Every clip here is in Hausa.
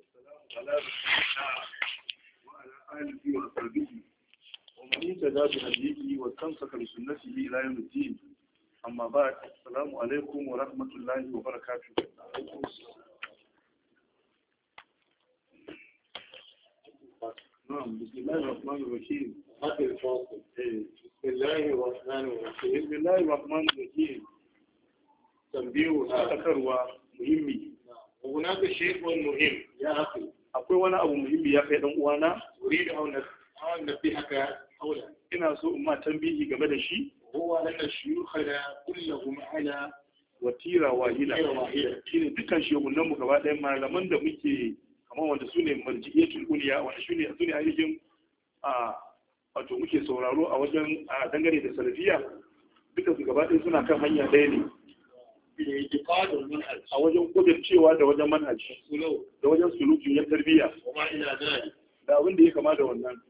والسلام على رسول الله وعلى آله وأصحابه ومن اهتدى بهديه واستمسك بسنته إلى يوم الدين أما بعد السلام عليكم ورحمة الله وبركاته نعم بسم الله الرحمن الرحيم بسم الله الرحمن الرحيم بسم الله الرحمن الرحيم تنبيه ذكروا مهمي هناك شيء مهم يا أخي akwai wani abu muhimmi ya kai dan uwana uridu auna auna bi haka aula ina so in ma tambihi game da shi huwa lana shuyukhana kulluhum ala watira wahila shine dukkan shehunan mu gaba ɗayan malaman da muke kamar wanda sune ne marji'iyatul uliya wanda su ne ainihin a wato muke sauraro a wajen a dangane da salafiya dukkan su gaba ɗaya suna kan hanya ɗaya ne a wajen kudurcewa da wajen manhaji da wajen suluki na tarbiyya da abin da ya kama da wannan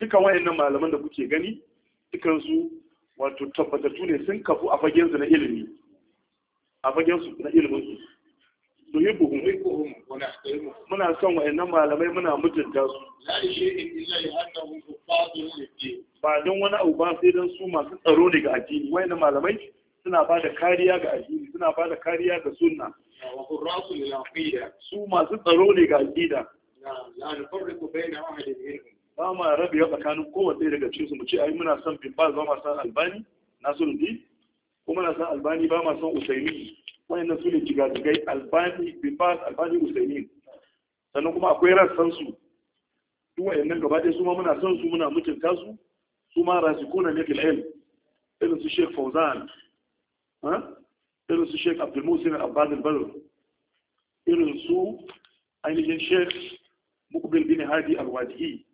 duka wayannan malaman da kuke gani dukansu wato tabbatattu ne sun kafu a fagensu na ilimi a fagensu na ilimin su muna son wayannan malamai muna mutunta su ba don wani abu ba sai don su masu tsaro ne ga addini wayannan malamai suna ba da kariya ga addini suna ba da kariya ga sunna su masu tsaro ne ga aqida ba ma rabi ya tsakanin kowace daga cikin su mu ce ai muna son bin ba ma san albani nasiruddin ko na son albani ba ma son usaimi wayannan su ne jigajigai albani bimbas albani usaini sannan kuma akwai rassan su duk wayannan gaba ɗaya su ma muna son su muna mutunta su su ma rasikuna ne fil irin su Sheikh Fauzan irin su Sheikh Abdul Musin Abbad al-Badr irin su ainihin Sheikh Mukbil bin Hadi al-Wadi'i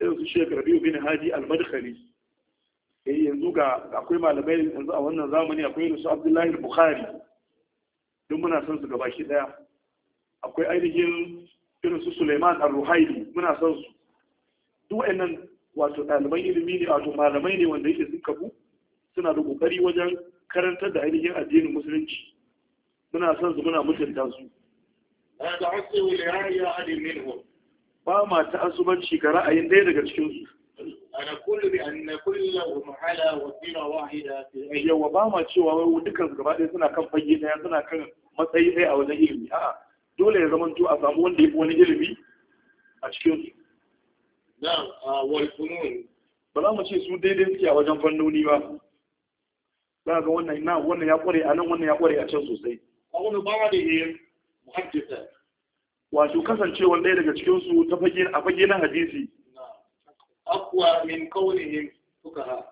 irin su Sheikh Rabi'u bin Hadi al-Madkhali eh yanzu ga akwai malamai yanzu a wannan zamani akwai irin su Abdullahi al-Bukhari duk muna son su gaba shi daya akwai ainihin irin su Suleiman al ruhaili muna son su duk wa'annan wato ɗaliban ilimi ne wato malamai ne wanda yake sun kafu suna da kokari wajen karantar da ainihin addinin musulunci muna son su muna mutunta su ba ma ta asubanci ga ra'ayin ɗaya daga cikin su ana kullu bi anna kullu muhala wa sira wahida fi ayyawa ba ma cewa wai dukkan gaba ɗaya suna kan fage ɗaya suna kan matsayi sai a wajen ilimi a'a dole ya zama a samu wanda ya fi wani ilimi a cikin su ba za mu ce su daidai suke a wajen fannoni ba za ga wannan na wannan ya kware a nan wannan ya kware a can sosai a wani ba da yin muhaddisa wato kasancewa ɗaya daga cikin su ta fage a fage na hadisi aqwa min Ba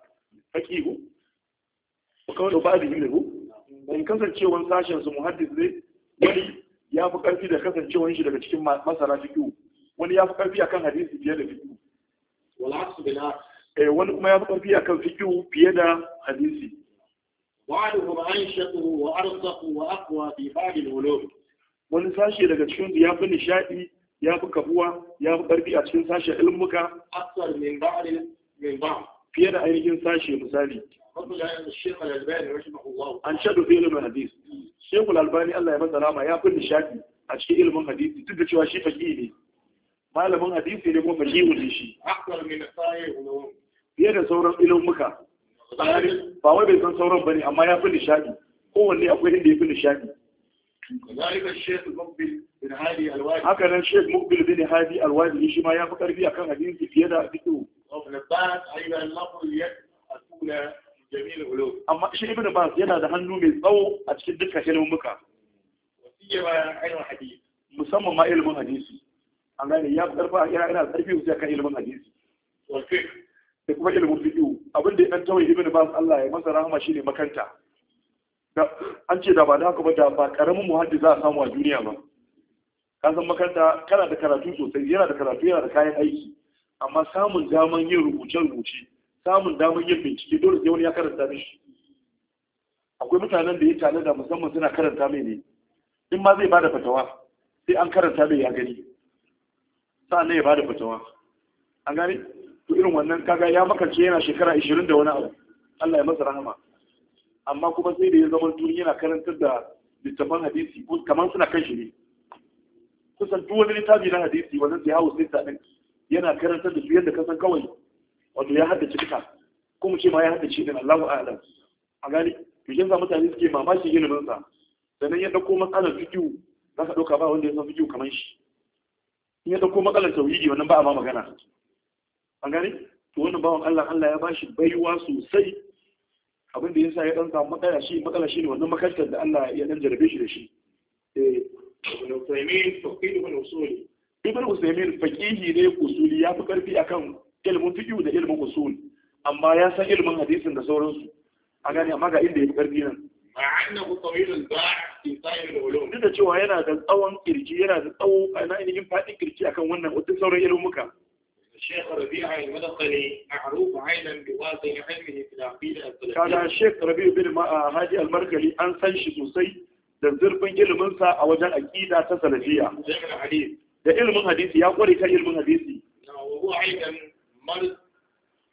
fuqaha ba da yin da ku. in kasancewan sashen su muhaddis ne wani ya fi karfi da kasancewan shi daga cikin masara fiƙo. wani ya fi karfi akan hadisi fiye da fiƙo eh, wani kuma ya fi karfi akan fiƙo fiye da hadisi wa wani sashe daga cikin ya fi nishadi ya fi kafuwa ya fi karfi a cikin sashen ilmuka fiye da ainihin sashe misali fi في hadisi. shekul albani Allah ya يمد رحمة ya fi شاكي a cikin ilimin hadisi duk da cewa shi faƙi ne malamin hadisi ne kuma faƙi ne shi fiye da sauran muka ba wai bai san sauran bane amma ya fi nishadi kowanne akwai inda ya fi nishadi haka nan shek mukbil bin hadi alwadi shi ma ya fi karfi akan hadisi fiye da fiƙo amma shi ibn bas yana da hannu mai tsawo a cikin dukkan ilimin muka musamman ma ilimin hadisi an gane ya ƙarfa yana yana ƙarfi sai kan ilimin hadisi da kuma ilimin fiqh abin da dan tawayi ibn bas Allah ya masa rahama shi ne makanta an ce da ba da haka ba da ba ƙaramin muhaddi za a samu a duniya ba ka san makaranta kana da karatu sosai yana da karatu yana da kayan aiki amma samun daman yin rubuce-rubuce samun damar yin bincike dole sai wani ya karanta shi akwai mutanen da ya tare da musamman suna karanta mai ne in ma zai ba da fatawa sai an karanta mai ya gani na ya ba da fatawa an gani, to irin wannan kaga ya makarce yana shekara ishirin da wani abu Allah ya masa rahama amma kuma sai da ya zama duniya yana karantar da littafan hadisi kamar suna kan shi ne kusan duk wani littafi na hadisi wannan sai hawo sai din yana karantar da su yadda kasan kawai wato ya haddace duka ko mu ce ma ya haddace din Allahu a'lam a gani to yanzu mutane suke mamaki ilimin sa sannan ya dauko matsalar fiqhu za ka dauka ba wanda ya san fiqhu kamar shi in ya dauko matsalar tauhidi wannan ba a ma magana A gani to wannan bawan Allah Allah ya bashi baiwa sosai abin da yasa ya dan samu matsala shi matsala shi ne wannan makarantar da Allah ya dan jarabe shi da shi eh ibn Uthaymeen faqih ibn usuli ibn usaymin faqihi ne usuli ya fi karfi akan ilmin fiƙi da ilimin usul amma ya san ilmin hadisin da sauransu a gane amma ga inda ya fi ƙarfi nan ma'annahu tawilul ba' fi sa'ir ulum duk da cewa yana da tsawon kirji yana da tsawo na ainihin fadin kirji akan wannan wata sauran ilmuka Sheikh Rabi'a al-Madkhali ma'ruf 'aynan bi wasi' 'ilmihi fil 'aqidah al-salafiyya kada Sheikh Rabi'a bin ah, Hadi al-Markali an san shi sosai da zurfin ilimin a wajen aqida ta salafiyya da ilmin hadisi ya ƙware ta ilmin hadisi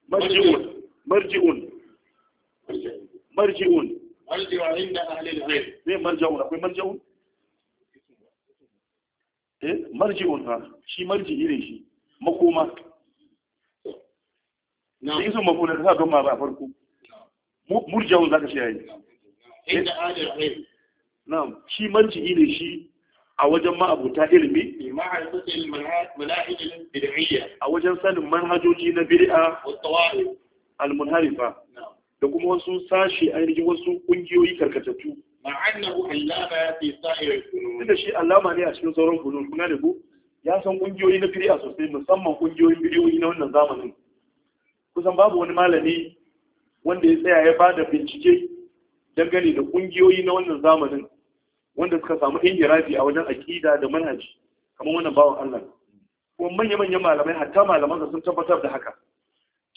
marji'un marji'un marji'un marji'un inda ahlil ilm ne marji'un akwai marji'un eh ha shi marji'i ne shi makoma na isu makona ka ga ma ba farko murji'un zaka shi yayi inda ne shi a wajen ma'abuta ilimi a wajen sanin manhajoji na bid'a almunharifa, da kuma wasu sashi ainihin wasu kungiyoyi karkatattu tunda shi allama ne a cikin sauran funun kuna da ku ya san kungiyoyi na bid'a sosai musamman kungiyoyin bidiyoyi na wannan zamanin kusan babu wani malami wanda ya tsaya ya bada bincike dangane da kungiyoyi na wannan zamanin wanda suka samu injirafi a wajen aƙida da manhaji kamar wannan bawan Allah kuma manya-manyan malamai hatta malaman sun tabbatar da haka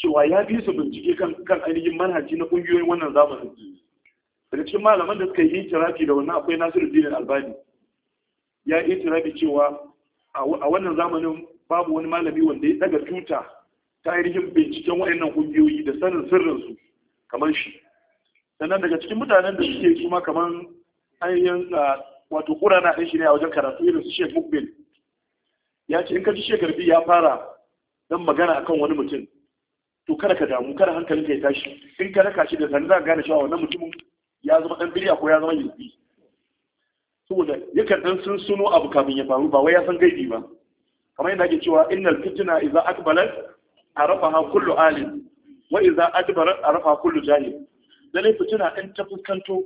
cewa ya bi su bincike kan kan ainihin manhaji na kungiyoyin wannan zamani daga cikin malaman da suka yi injirafi da wannan akwai Nasiru Dinin Albani ya yi injirafi cewa a wannan zamanin babu wani malami wanda ya daga tuta ta ainihin binciken waɗannan kungiyoyi da sanin sirrinsu kamar shi sannan daga cikin mutanen da suke kuma kamar ainihin ah, wato kura na ɗan shi ne a wajen karatu irin su Sheikh Mukbil ya ce in ka ji Sheikh ya fara dan magana akan wani mutum to kada ka damu kada hankalin ka ya tashi in ka raka shi da sani za ka gane cewa wannan mutumin ya zama dan biriya ko ya zama yubi saboda yakan dan sun suno abu kafin ya faru ba wai ya san gaibi ba kamar yadda ake cewa innal fitna idza akbalat arafaha kullu alim wa idza adbarat arafaha kullu jahil dalai fitina in ta fuskanto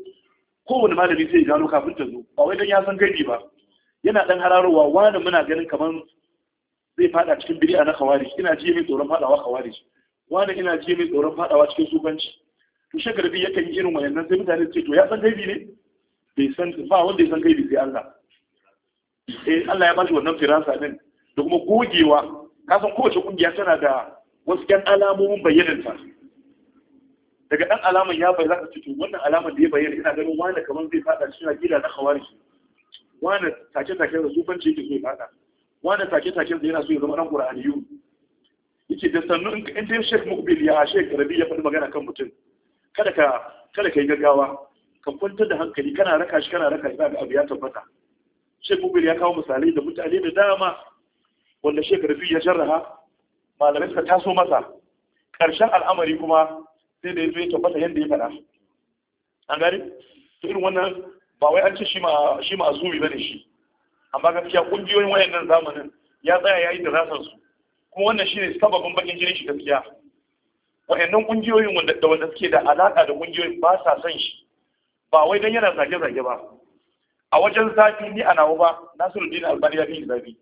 kowane malami zai gano kafin ta zo ba wai dan ya san gaibi ba yana dan hararowa wani muna ganin kamar zai fada cikin bid'a na khawarij ina ji mai tsoron fadawa khawarij wani ina ji mai tsoron fadawa cikin sufanci to shagarbi yakan yi irin wayannan sai mutane ce to ya san gaibi ne bai san ba wanda ya san gaibi sai Allah eh Allah ya bashi wannan firansa din da kuma gogewa kasan kowace kungiya tana da wasu ƴan alamomin ta daga ɗan alaman ya bai zaka fito, wannan alaman da ya bayyana ina ganin wani kamar zai fada shi gida na khawarij wani take take da zubanci yake so fada wani take take da yana so ya zama ɗan qur'aniyu yake da sannu in in dai Mukbil ya ashe karabi ya faɗi magana kan mutum kada ka kada gaggawa ka kwantar da hankali kana raka shi kana raka shi ga abu ya tabbata Sheikh Mukbil ya kawo misalai da mutane da dama wanda Sheikh karabi ya sharraha malamai suka taso masa ƙarshen al'amari kuma sai da ya zo ya tabbata yadda ya faɗa an gari to irin wannan ba wai an ce shi ma shi ma azumi bane shi amma gaskiya kungiyoyin wayannan zamanin ya tsaya yayi da rasan su kuma wannan shine sababin bakin jinin shi gaskiya wayannan kungiyoyin wanda da wanda suke da alaka da kungiyoyin ba sa son shi ba wai dan yana zage zage ba a wajen zafi ni a nawa ba Nasiruddin Albani ya fi zafi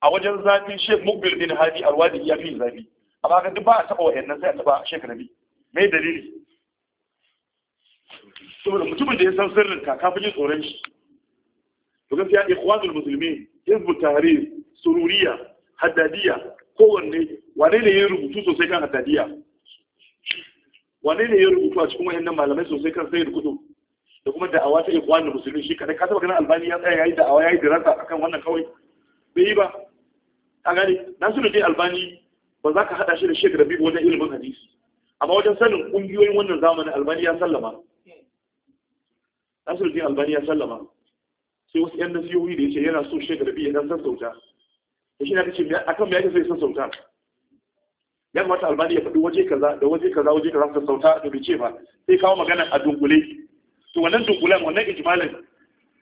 a wajen zafi Sheikh Mukbil bin Hadi Alwadi ya fi zafi amma ga duk ba a taɓa wa'annan sai a taɓa bi mai dalili saboda mutumin da ya san sirrin ka kafin yin tsoron shi to gaskiya ikhwanul muslimin hizbut tahrir sururiya haddadiya kowanne wane ne ya rubutu sosai kan haddadiya wane ne ya rubutu a cikin wayannan malamai sosai kan sayyid kutub da kuma da'awa ta ikhwanul muslimin shi kadai ka taba ganin albani ya tsaya yayi da'awa yayi dirasa akan wannan kawai bai yi ba a gani nasiru dai albani ba za ka haɗa shi da shek rabi wajen ilimin hadisi amma wajen sanin ƙungiyoyin wannan zamani albani ya sallama nasiruddin albani ya sallama sai wasu yan nasiyoyi da ya ce yana so shek rabi ya dan sassauta da shi na kace akan me yake so ya sassauta ya kamata albani ya faɗi waje kaza da waje kaza waje kaza sassauta da bai ce ba sai kawo magana a dunkule to wannan dunkulen wannan ijmalin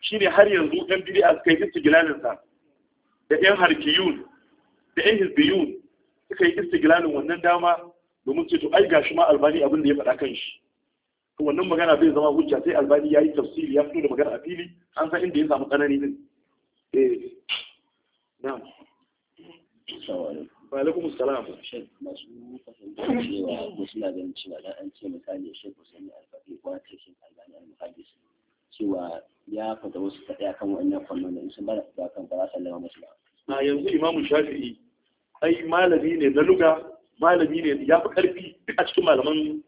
shine har yanzu yan bid'a suka yi istigilalin sa da yan harkiyun da yan hizbiyun suka yi istigilalin wannan dama domin ce to ai gashi ma albani abin da ya faɗa kan shi to wannan magana bai zama hujja sai albani ya yi tafsiri ya fito da magana a fili an san inda ya samu tsanani din eh na'am wa alaikum salam masu cewa wasu na cewa ya shekku wasu akan wannan in da kan ba a yanzu imamu shafi'i ai malami ne na luga malami ne ya fi karfi duk a cikin malaman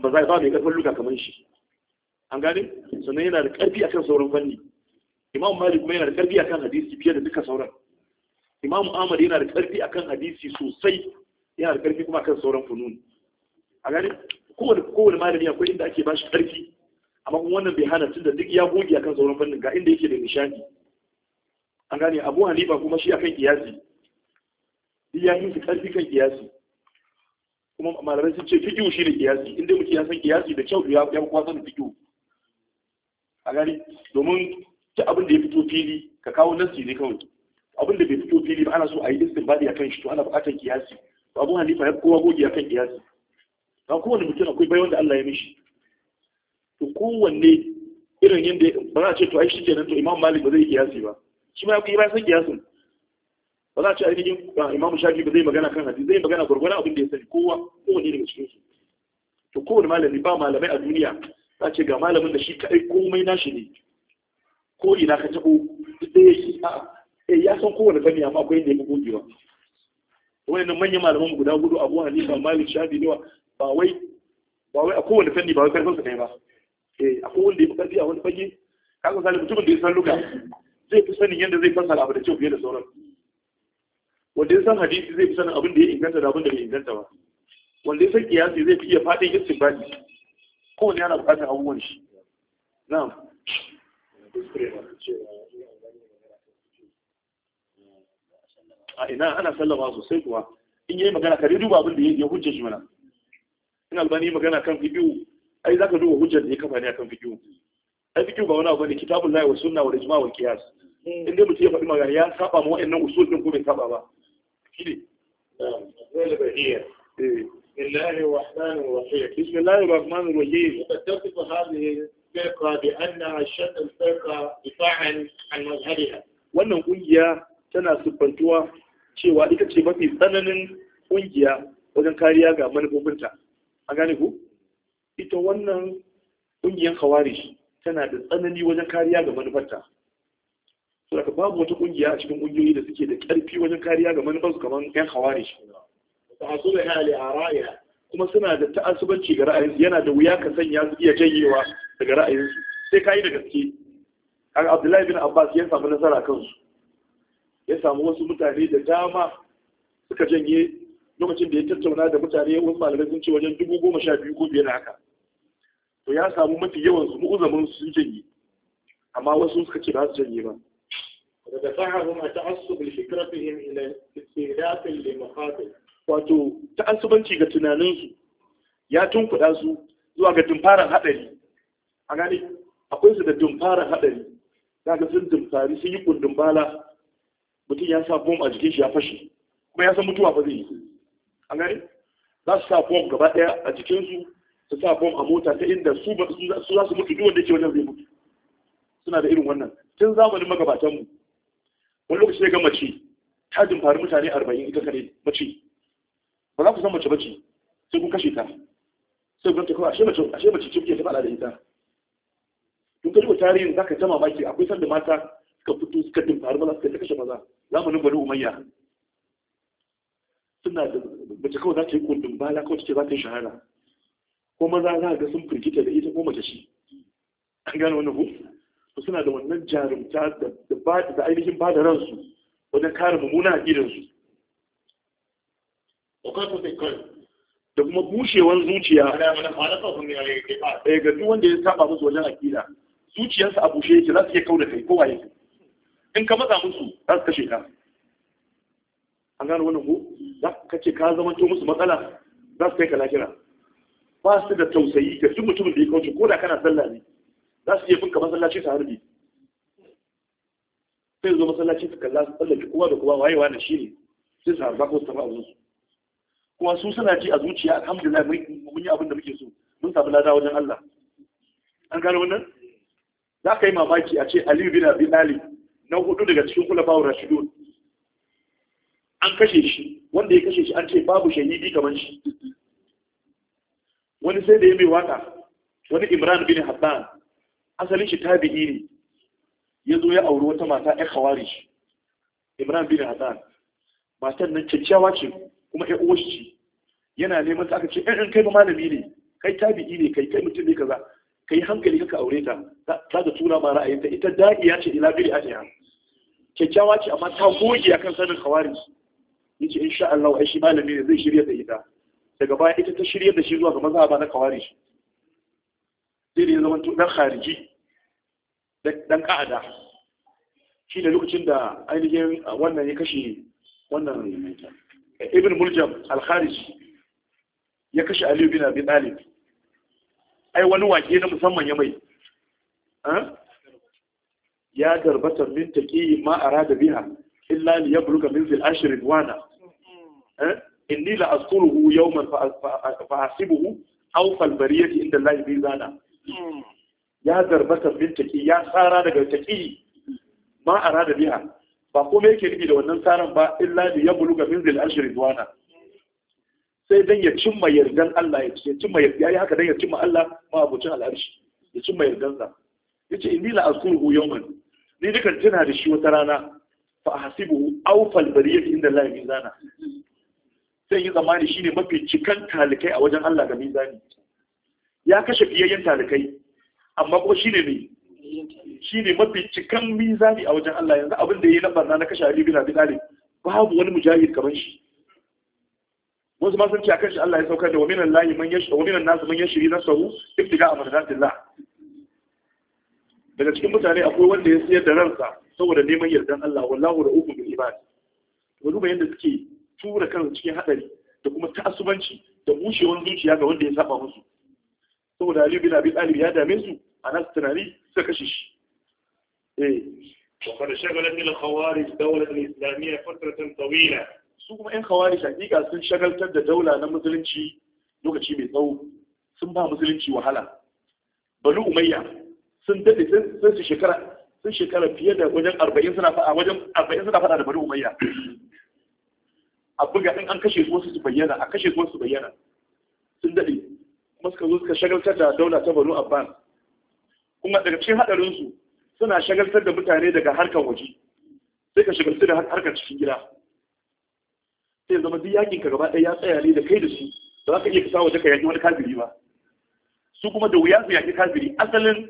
ba za ba mai karfin luga kamar shi an gane sannan yana da karfi akan sauran fanni imam malik kuma yana da karfi akan hadisi fiye da duka sauran imam ahmad yana da karfi akan hadisi sosai yana da karfi kuma akan sauran funun a gane kowane kowane malami akwai inda ake bashi karfi amma kuma wannan bai hana tunda duk ya goge akan sauran fannin ga inda yake da nishadi an gane abu hanifa kuma shi akan kiyasi ya yi su ƙarfi kan kiyasi kuma malamai sun ce fiƙiu shi ne kiyasi inda mutum ya san kiyasi da kyau ya fi kwasa da fiƙiu a gani domin ta abin da ya fito fili ka kawo nasi ne kawai abin da bai fito fili ba ana so a yi istinbadi a kan shi to ana buƙatar kiyasi to abu halifa ya kowa goge a kan kiyasi ba kowane mutum akwai bayan da Allah ya mishi to kowanne irin yadda ba za a ce to ai shi kenan to imam malik ba zai kiyasi ba shi ma ya san kiyasin ba za a ce ainihin imamu shafi ba zai magana kan hadisi zai magana gwargwana abin da ya sani kowa kowane daga cikin su to kowane malami ba malamai a duniya za ce ga malamin da shi kai komai nashi ne ko ina ka tabo zai shi a ya san kowane fanni amma akwai inda ya fi gogewa wayannan manyan malaman guda gudu abu ba malik shafi ne ba wai ba wai a kowane fanni ba wai karfin sa kai ba eh a kowane da ya fi karfi a wani fage kaga misali mutumin da ya san Luka? zai fi sanin yadda zai fassara abu da kyau fiye da sauran wanda ya san hadisi zai fi sanin abin da ya inganta da abin da bai inganta ba wanda ya san kiyasi zai fi iya faɗin ko wani yana buƙatar abubuwan shi na'am a ina ana sallama sosai kuwa in yayi magana ka duba abin da ya hujja shi mana in albani magana kan fiqhu ai zaka duba hujjar da ya kafa ne akan fiqhu ai fiqhu ba wani abu ne kitabul lahi wa sunna wa ijma wa qiyas eh. in dai mutum ya faɗi magana ya saba ma wa'annan usul din ko bai saba ba shine zai bahiyya eh. billahi rahmanir rahim bismillahir rahmanir rahim tattafu hadhihi firqa bi anna ashad al firqa difa'an an mazhabiha wannan kungiya tana siffantuwa cewa ita ce mafi tsananin kungiya wajen kariya ga manufofinta a gane ku ita wannan kungiyar kawari tana da tsanani wajen kariya ga manufarta saboda babu wata kungiya a cikin kungiyoyi da suke da karfi wajen kariya ga manufansu kamar yan hawari ba hasu da hali a ra'aya kuma suna da ta'asubanci ga ra'ayinsu yana da wuya ka sanya su iya janyewa daga ra'ayinsu sai ka yi da gaske an abdullahi bin abbas ya samu nasara kansu ya samu wasu mutane da dama suka janye lokacin da ya tattauna da mutane wasu malamai sun ce wajen dubu goma sha biyu ko biyar haka to ya samu mafi yawan su mu'uzamin su janye amma wasu suka ce ba su janye ba ودفعهم التعصب لفكرتهم إلى استهلاك لمخاطر wato ta'assubanci ga tunaninsu ya tunkuɗa su zuwa ga dumfarar haɗari a gane akwai su da dumfarar haɗari ga sun dumfari sun yi kundin bala mutum ya sa bom a jikin shi ya fashe kuma ya san mutuwa fa zai yi a gane za su sa bom gaba ɗaya a jikinsu su sa bom a mota ta inda su za su mutu duk wanda ke wajen zai mutu suna da irin wannan tun zamanin magabatanmu wani lokaci ga mace ta dimfari mutane arba'in ita kare mace ba za ku san mace mace sai kun kashe ta sai kun ta kawai ashe mace ashe mace ce kuke faɗa da ita Tun ka duba tarihin za ka jama maki akwai sanda mata suka fito suka dimfari maza suka kashe maza zamanin bani umayya suna da mace kawai za ta yi kundin bala kawai cike za ta yi shahara ko maza za ga sun firgita da ita ko mace shi an gane wani ku suna da wannan jarumta da ainihin ba da ransu wajen kare mummuna a gidansu da kuma bushewar zuciya a eh, ga duk wanda ya saba musu wajen akida zuciyarsa a bushe yake za su iya kau da kai ko waye in ka matsa musu za su kashe ka an gano wannan ko za ka ce ka zama to musu matsala za su kai ka lafira ba su da tausayi ga duk mutumin da ya kauce ko da kana sallah ne za su iya finka masallaci su harbi sai zo masallaci su kalla su tsallake kowa da kowa wayewa da shi ne sai su harba ko su tafi abin su kuma su suna ji a zuciya alhamdulillah mun yi abin da muke so mun samu lada wajen Allah an gano wannan za ka yi mamaki a ce Aliyu bin Abi Talib na hudu daga cikin kula bawa Rashidun an kashe shi wanda ya kashe shi an ce babu shahidi kamar shi wani sai da ya mai waka wani Imran bin Hassan asalin shi tabi'i ne ya zo ya auri wata mata ya kawari shi imran bin Hassan, matan nan kyakkyawa ce kuma ya uwa ce yana neman ta aka ce eh, in kai ba malami ne kai tabi'i ne kai kai mutum ne kaza kai hankali kaka aure ta ta da tura ma ra'ayinta ita da'iya ce ila biri adiya kyakkyawa ce amma ta goge akan sanin kawari yace insha Allah ai shi malami ne zai shirya da ita daga baya ita ta shirya da shi zuwa ga ba na kawari zai ne zama dan khariji ɗan ka'ada shi ne lokacin da ainihin wannan ya kashe wannan ibn muljam al-khariji ya kashe aliyu bin abin talib ai wani wake na musamman ya mai ya garbatar min taqi ma da biya illa ya yabluga min zil ashirin wana inni la azkuruhu yawman fa asibuhu bari fal inda allahi bi zana ya zarba bin taƙi ya tsara daga taƙi ma a rada biya. ba kuma yake nufi da wannan tsarin ba illa da ya buluga min zil zuwa duwana sai dan ya cimma yardan Allah ya ce cimma ya yi haka dan ya cimma Allah ma abucin al'arshi ya cimma yardansa ya ce inni la azkuruhu yawman ni dukkan tana da shi wata rana fa ahsibuhu awfal bariyati inda Allah mizana sai yi zamani shine mafi cikan talikai a wajen Allah ga mizani ya kashe biyayyen talikai amma ko shine ne shine mafi cikan mizani a wajen Allah yanzu abin da yayi na barna na kashe Ali bin Abi Talib babu wani mujahid kamar shi wasu ma sun ce akan shi Allah ya saukar da wa minan lahi man shiri wa minan duk man yashri nafsahu ibtiga amradatillah daga cikin mutane akwai wanda ya sayar da ransa saboda neman yardan Allah wallahu ra'ufun bil ibad wani bayan da suke tura kansu cikin hadari da kuma ta'asubanci da bushewar zuciya ga wanda ya saba musu saboda Ali bin Abi Talib ya dame su a nasu tunani suka kashe shi eh وقد شغلت الخوارج دولة الإسلامية فترة طويلة su kuma 'yan kawari hakika sun shagaltar da daula na musulunci lokaci mai tsawo sun ba musulunci wahala banu umayya sun dade sun su shekara sun shekara fiye da wajen arba'in suna fada wajen 40 suna fada da banu umayya a buga in an kashe su wasu su bayyana a kashe su wasu su bayyana sun dade suka zo suka shagaltar da daula ta banu abban kuma daga cikin su suna shagaltar da mutane daga harkar waje sai ka shagaltu da harkar cikin gida sai zama duk yakin ka gaba ɗaya ya tsaya ne da kai da su ba za ka iya kasa waje ka yaki wani kafiri ba su kuma da wuya su yaki kafiri asalin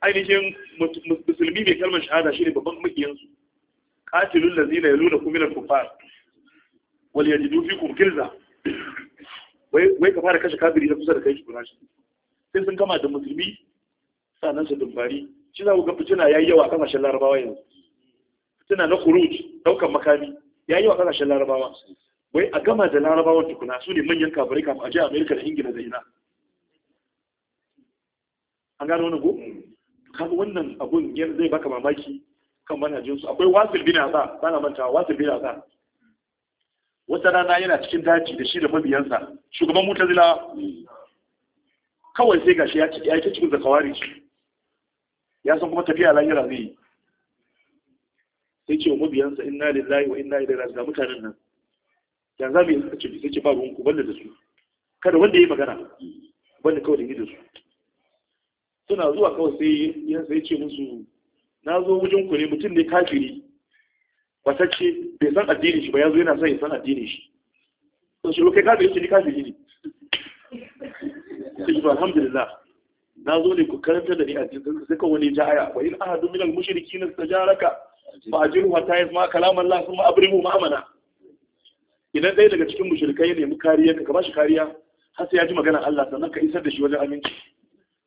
ainihin musulmi mai kalmar shahada shine babban makiyansu qatilul ladzina yalunakum min al-kuffar wal yajidu fikum kilza wai ka fara kashe kafiri na kusa da kai shi kuna shi sai sun kama da musulmi sannan su dumfari shi za ku ga fitina ya yi yawa a kasashen larabawa yanzu fitina na kuruj daukan makami ya yi yawa a kasashen larabawa wai a gama da larabawa tukuna su ne manyan kafirai kafin a je amerika da ingila da ina an gano wani go kaga wannan abun yanzu zai baka mamaki kan manajinsu akwai wasil bin asa ba na manta wasil bin asa wata rana yana cikin daji da shi da mabiyansa shugaban mutazila kawai sai gashi ya ya ce cikin zakawari shi ya san kuma tafiya lahira zai yi sai ce wa mabiyansa inna lillahi wa inna ilaihi raji'un mutanen nan ya za mu yi suka ce sai ce ba ruwan ku balle da su kada wanda ya magana banda kawai da yi da su suna zuwa kawai sai ya sai ce musu na zo wajen ku ne mutum ne kafiri watacce bai san addini shi ba ya zo yana son ya san addini shi sun shi kai kafin shi ni kafin ne sai ba alhamdulillah na zo ne ku karanta da ni addini sai ka wani jaya wa in ahadun minal mushrikin istajaraka fa ajiru hatta yasma kalam Allah thumma abrimu ma'amana idan ɗaya daga cikin mushrikai ya nemi kariya ka ba shi kariya har sai ya ji magana Allah sannan ka isar da shi wajen aminci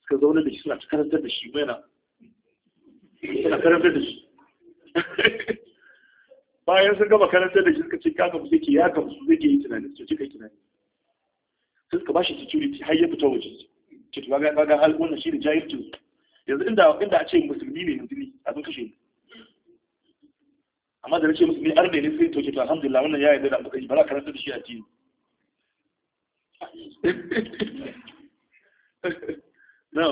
suka zaune da shi suna karantar da shi mai na suna karantar da shi bayan sun gama karantar da shi suka ce kaka zai ke ya gamsu zai ke yi tunanin su cika tunanin sun ka shi security har ya fito waje ce to ga ga hal wannan shi ne jahilcin yanzu inda inda a ce musulmi ne musulmi abin kashe ne amma da nace musulmi arne ne sai to ce to alhamdulillah wannan ya yarda da muka ba za ka karantar da shi cikin no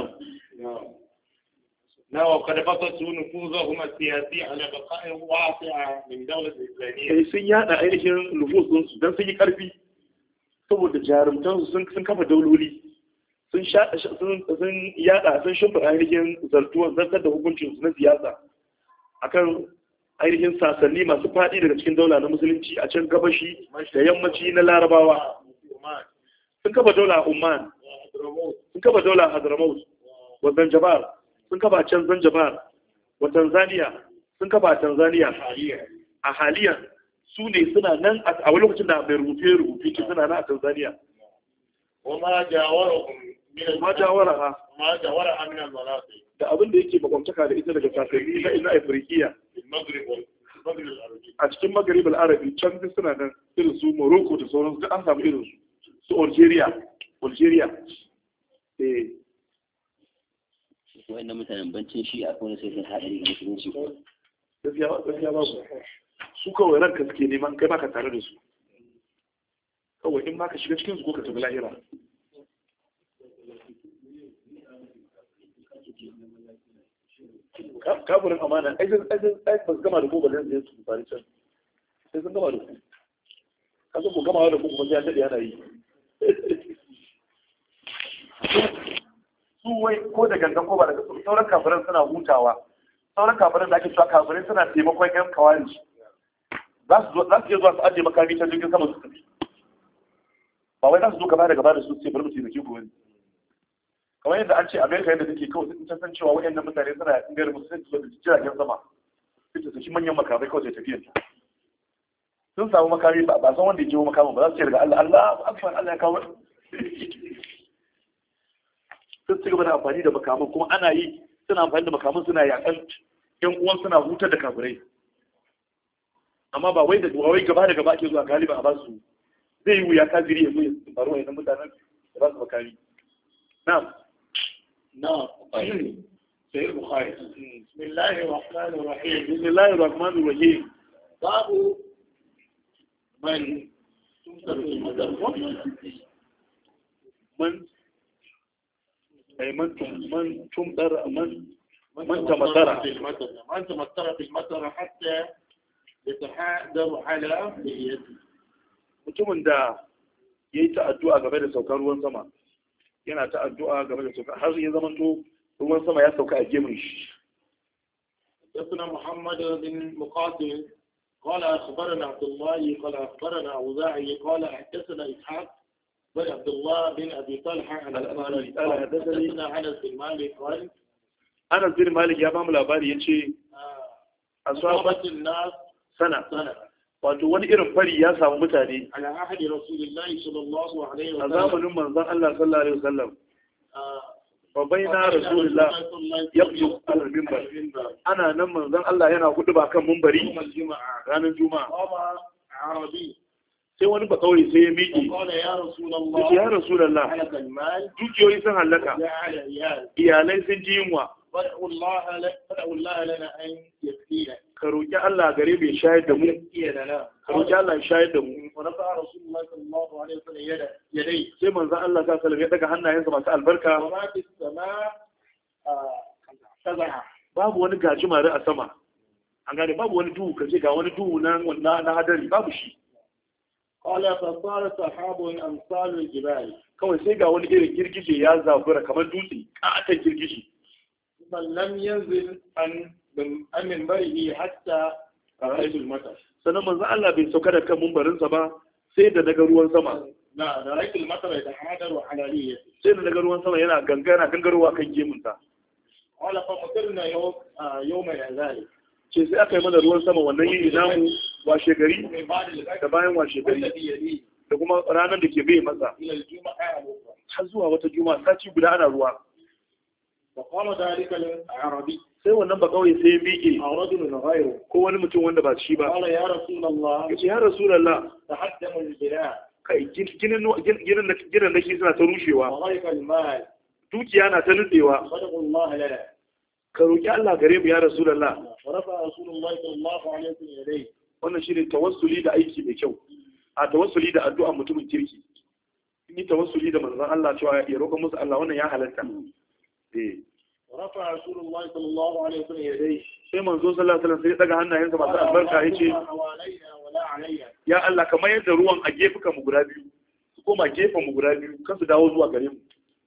no na wa kada fasa su nufuza kuma siyasi a daga kayan wasu a min daular islamiyya eh, sun yada ainihin nufus don sun yi karfi saboda jarumtansu sun kafa dauloli sun yada ainihin zartuwar zartar da hukuncinsu na siyasa kan ainihin sasanni masu faɗi daga cikin daula na musulunci a can gabashi da yammaci na larabawa sun kafa daula umman sun kafa daula hadramaut wajen zanjabar sun kafa can zanjabar wa tanzania sun kafa tanzania a haliya su ne suna nan a wani lokacin da mai rubuce rubuce ke suna nan a tanzania ma jawara ha da abin da yake makwamtaka da ita daga sasanni na ina afirkiya a cikin magarib arabi can duk suna nan irin su morocco da sauransu duk an samu irin su algeria algeria eh cikin wannan mutanen bancin shi a kone sai sun haɗari ga musulunci ko gaskiya ba su su kawai ranka suke neman kai baka tare da su kawai in baka shiga cikin su ko ka tafi lahira kafirin amana ajin ajin ai ba gama da gobe zai su fari can sai sun gama da ku kasan ku gama da ku kuma sai daɗe yana yi su wai ko da gangan ko ba daga su sauran kafirin suna hutawa sauran kafirin da ake cewa kafirin suna taimakon yan kawari za su za su iya zuwa su ajiye makami ta jirgin sama su tafi ba wai za su zo gaba da gaba da su ce bari mu taimake ku wani kamar yadda an ce amerika yadda take kawai sun san cewa waɗannan mutane suna ingar musu sai su zo da jiragen sama sai su saki manyan makamai kawai sai tafiyar ta sun samu makami ba san wanda ya jiwo makamin ba za su ce daga Allah Allah akbar Allah ya kawo su gaba da amfani da makaman kuma ana yi suna amfani da makaman suna yakan yan uwan suna hutar da kafirai amma ba wai da wai gaba da gaba ake zuwa galiba a basu zai yi wuya kafiri ya zo ya faru wa mutanen da ba su makami na'am na'am sai bukhari bismillahir rahmanir rahim bismillahir rahmanir rahim babu man man أي من من تمطر من من تمطر من تمطر في المطر حتى يتحادر على mutumin da من دا ta'addu'a game da saukar ruwan sama yana ta'addu'a game da saukar har ya zama حدثنا محمد بن مقاتل قال أخبرنا عبد الله قال أخبرنا أوزاعي قال حدثنا إسحاق بن عبد الله بن أبي طلحة على الأمانة قال حدثنا أنس مالك قال بن مالك يا بام يجي الناس سنة سنة wato wani irin fari ya samu mutane a zamanin manzon Allah sallallahu alaihi wasallam babai na rasulullah ya fito alal ana nan manzon Allah yana hudu ba kan mimbari ranar juma'a sai wani bakawai sai ya miƙe sai ya rasulallah dukiyoyi sun hallaka iyalai sun ji yunwa ka roƙi Allah gare bai shayar da mu ka roƙi Allah ya shayar da mu sai manzan Allah ta sallallahu ya daga hannayensa masu albarka babu wani gajimare a sama an gane babu wani duhu kaje ga wani duhu na hadari babu shi Ƙwala fasara sahabun amsalul jibali. Kawai sai ga wani irin girgije ya zafura, kamar dutse, ƙaton girgije. Ballam yanzu an amin bari hatta ƙara'atul mata. Sannan manzo Allah bai sauka da kan mumbarinsa ba sai da daga ruwan sama. Na da raikul mata bai da wa halaliya. Sai da daga ruwan sama yana gangana gangarowa kan gemunta. Wala fa mutum na yau mai azali. Ce sai aka yi mana ruwan sama wannan yini namu washe gari da bayan washe gari da kuma ranar da ke bai masa har zuwa wata juma sati guda ana ruwa sai wannan ba kawai sai miƙe ko wani mutum wanda ba shi ba ya ce ya rasulallah kai ginin da ke suna ta rushewa dukiya na ta nutsewa ka roƙi Allah gare mu ya rasulallah wannan shine tawassuli da aiki mai kyau a tawassuli da addu'a mutumin kirki in yi tawassuli da manzon Allah cewa ya roƙa musu Allah wannan ya halatta eh rafa rasulullahi sallallahu alaihi wasallam yadayhi sai manzo sallallahu alaihi wasallam sai daga hannayensa masu albarka yace ya Allah kamar yadda ruwan a gefukan mu guda biyu su koma gefen mu guda biyu kan su dawo zuwa gare mu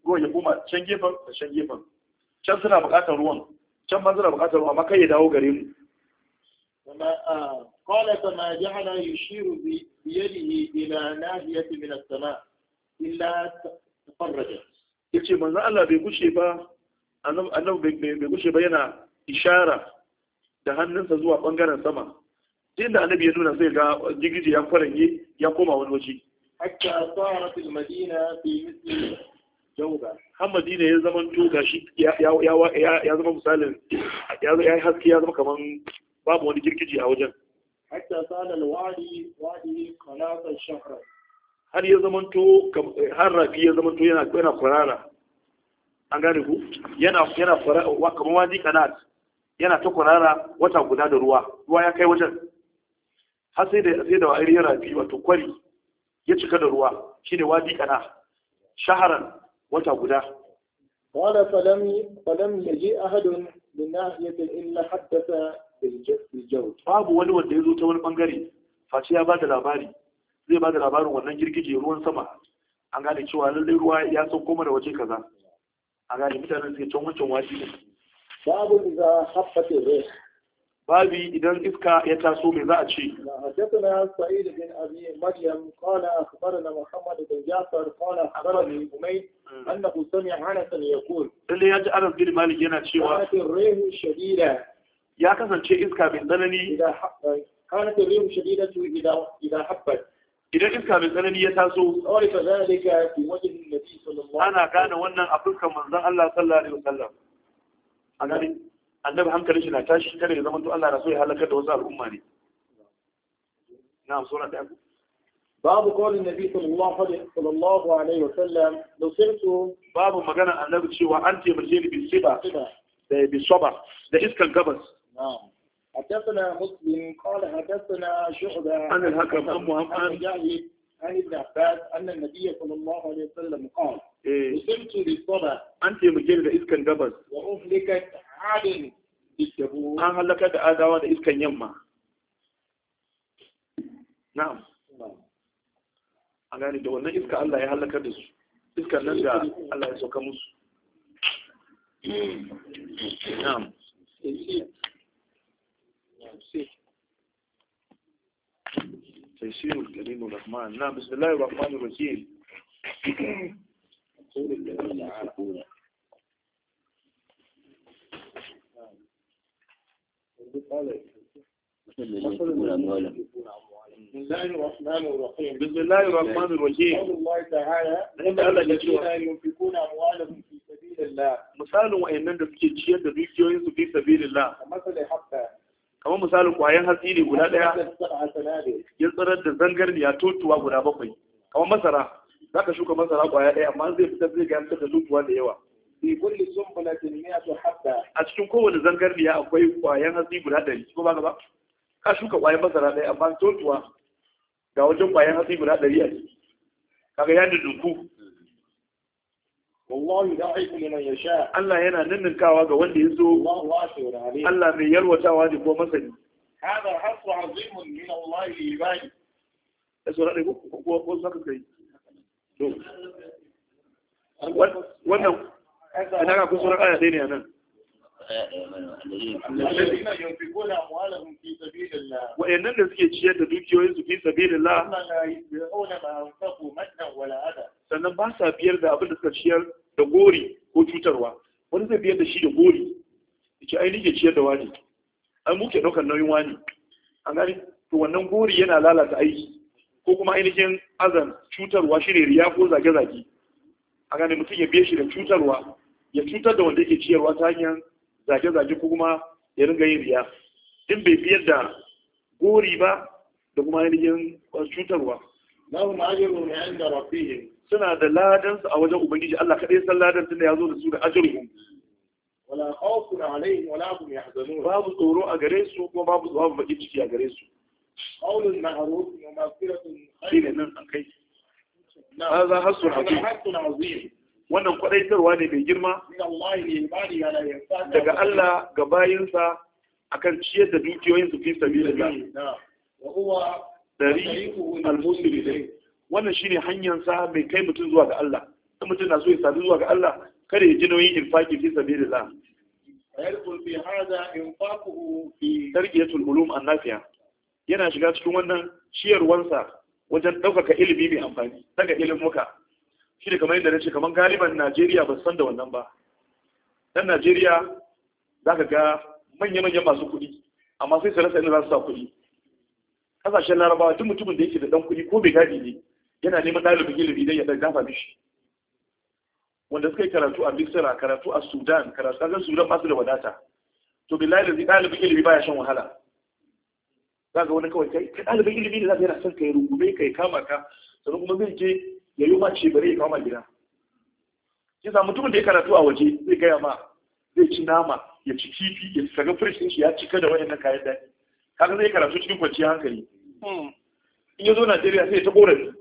ruwan ya koma can gefen da can gefen can suna buƙatar ruwan can ma suna buƙatar ruwa amma kai ya dawo gare mu ah, قال فما جعل يشير بيده الى ناحيه من السماء الا تفرج يجي من الله بيغشي با انا انا bai با ba yana ishara da hannunsa zuwa bangaren sama din annabi ya nuna sai ga jigiji ya kwaranye ya koma wani waje hatta sarat al-madina fi mithli jawba har madina ya zama to ya ya ya zama misalin ya ya haske ya zama kaman babu wani girgije a wajen hatta sala alwadi wadi shahra har ya zamanto har rafi ya zamanto yana yana kwarara an gane ku yana yana kamar wadi kanat yana ta kwarara wata guda da ruwa ruwa ya kai wajen har sai da sai da rafi wato kwari ya cika da ruwa shine wadi kana shaharan wata guda قال فلم فلم يجي أحد من ناحية إلا حدث babu wani wanda ya zo ta wani bangare face ya ba da labari zai ba da labarin wannan girgije ruwan sama an gane cewa lallai ruwa ya koma da waje kaza a gane mutanen suke can wancan wasi ne babu za haffata rai babi idan iska ya taso mai za a ce na سعيد بن ابي bin قال اخبرنا محمد بن yana cewa ya kasance iska mai tsanani kana ta idan habbat idan iska mai tsanani ya taso fi nabi sallallahu ana gane wannan a fuskar manzon Allah sallallahu alaihi wasallam annabi annabi hankalin shi na tashi kada da zama to Allah na so ya halaka da wasu al'umma ne na'am sura ta باب قول النبي صلى الله عليه صلى الله عليه وسلم لو cewa an taimake ni bi siba da bi soba da iskan gabas نعم. حدثنا مسلم قال حدثنا شعبة عن الهكم عن محمد عن ابن عباس أن النبي صلى الله عليه وسلم قال وصلت إيه. للصبا أنت مجلد إسكن جبس وأهلكت عاد بالجبور أنا هلكت آدوان إسكن يما نعم, نعم. أنا gane da إسكن الله يهلك ya إسكن نجا الله iskar nan نعم التمسيح تيسير الكريم الرحمن نعم بسم الله الرحمن الرحيم قول الله تعالى بسم الله الرحمن الرحيم بسم الله الرحمن الرحيم قول الله تعالى الذين ينفقون اموالهم في سبيل الله مثال وان ده suke ciyar da مثل حبه kamar misalin kwayan hatsi ne guda ɗaya ya tsirar da zangarniya totuwa guda bakwai kamar masara za ka shuka masara kwaya ɗaya amma zai fitar zai gaya da totuwa da yawa a cikin kowane zangarniya akwai kwayan hatsi guda ɗari ko ba ba ka shuka kwayan masara ɗaya amma totuwa ga wajen kwayan hatsi guda ɗari a ciki kaga ya duku wallahi da aiku liman yasha Allah yana ninninkawa ga wanda ya zo. Allah mai yalwatawa ne ko masani hada hasu azimun min Allah li ibadi eso da ko ko ko saka kai to wannan ana ka kusura aya dai ne anan wa'annan da suke ciyar da dukiyoyin dukiyoyinsu fi sabilillah sannan ba sa biyar da abin da suka ciyar da gori ko cutarwa wani zai biyar da shi da gori yake ai nike ciyar da wani ai muke daukar nauyin wani an gani to wannan gori yana lalata aiki ko kuma ainihin azan cutarwa shi ne riya ko zage-zage a gani mutum ya biya shi da cutarwa ya cutar da wanda yake ciyarwa ta hanyar zage-zage ko kuma ya ringa yin riya in bai biyar da gori ba da kuma ainihin cutarwa lahum ajrun 'inda rabbihim suna da ladansu a wajen ubangiji Allah kaɗai san ladan da ya zo da su da wala alaihim wala hum yahzanun babu tsoro a gare su kuma babu babu bakin ciki a gare su qawlun ma'ruf wa maghfiratun khairun nan wannan ne mai girma daga Allah ga bayinsa akan ciyar da dukiyoyin su fi sabilillah dari al-muslim wannan shine hanyar sa mai kai mutum zuwa ga Allah in mutum na so ya sadu zuwa ga Allah kada ya ji nauyin infaki fi sabilillah yadkhul fi hada infaquhu fi tarbiyatul ulum annafiya yana shiga cikin wannan wansa wajen ɗaukaka ilimi mai amfani daga ilimuka shi kamar yadda na ce kamar galiban najeriya ba san da wannan ba dan najeriya za ga manya-manyan masu kuɗi amma sai su rasa inda za su sa kuɗi Kasashen larabawa duk mutumin da yake da ɗan kuɗi ko bai gadi ne yana neman ɗalibin ilimi idan ya ɗan dafa mishi wanda suka yi karatu a misira karatu a sudan karatu a sudan masu da wadata to billahi da ɗalibin ilimi baya shan wahala za ga wani kawai kai ka ɗalibin ilimi ne za ka yana son ka yi rungume ka yi kama ka sannan kuma zai je ya yi mace bare ya kama gida shi samu mutumin da ya karatu a waje zai gaya ma zai ci nama ya ci kifi ya saga firish shi ya cika da wayannan kayan daɗi kaga zai karatu cikin kwanciyar hankali hmm. in ya zo Najeriya sai ya ta korafi